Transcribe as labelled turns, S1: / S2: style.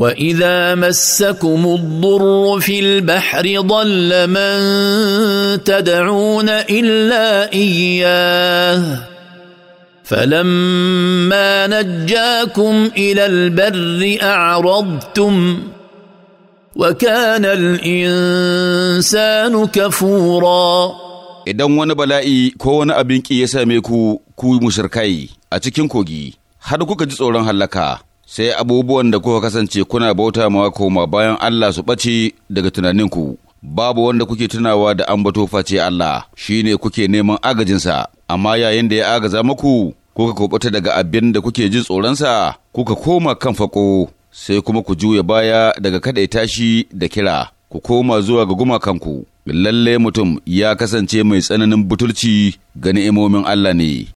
S1: واذا مسكم الضر في البحر ضل من تدعون الا اياه فلما نجاكم الى البر اعرضتم وكان الانسان
S2: كفورا idan wani bala'i ko wani abin ƙi ya same ku ku mushrikai a cikin kogi har kuka ji tsoron hallaka sai abubuwan da kuka kasance kuna bauta ma koma bayan Allah su ɓace daga tunaninku, babu wanda kuke tunawa da an bato face Allah, shi ne kuke neman agajinsa, amma yayin da ya agaza muku, kuka kubuta daga abin da kuke jin tsoronsa, kuka koma kan fako, sai kuma ku juya baya daga kaɗai tashi da kira, ku koma zuwa ga gumakanku. Lalle mutum ya kasance mai tsananin butulci ga ni'imomin Allah ne.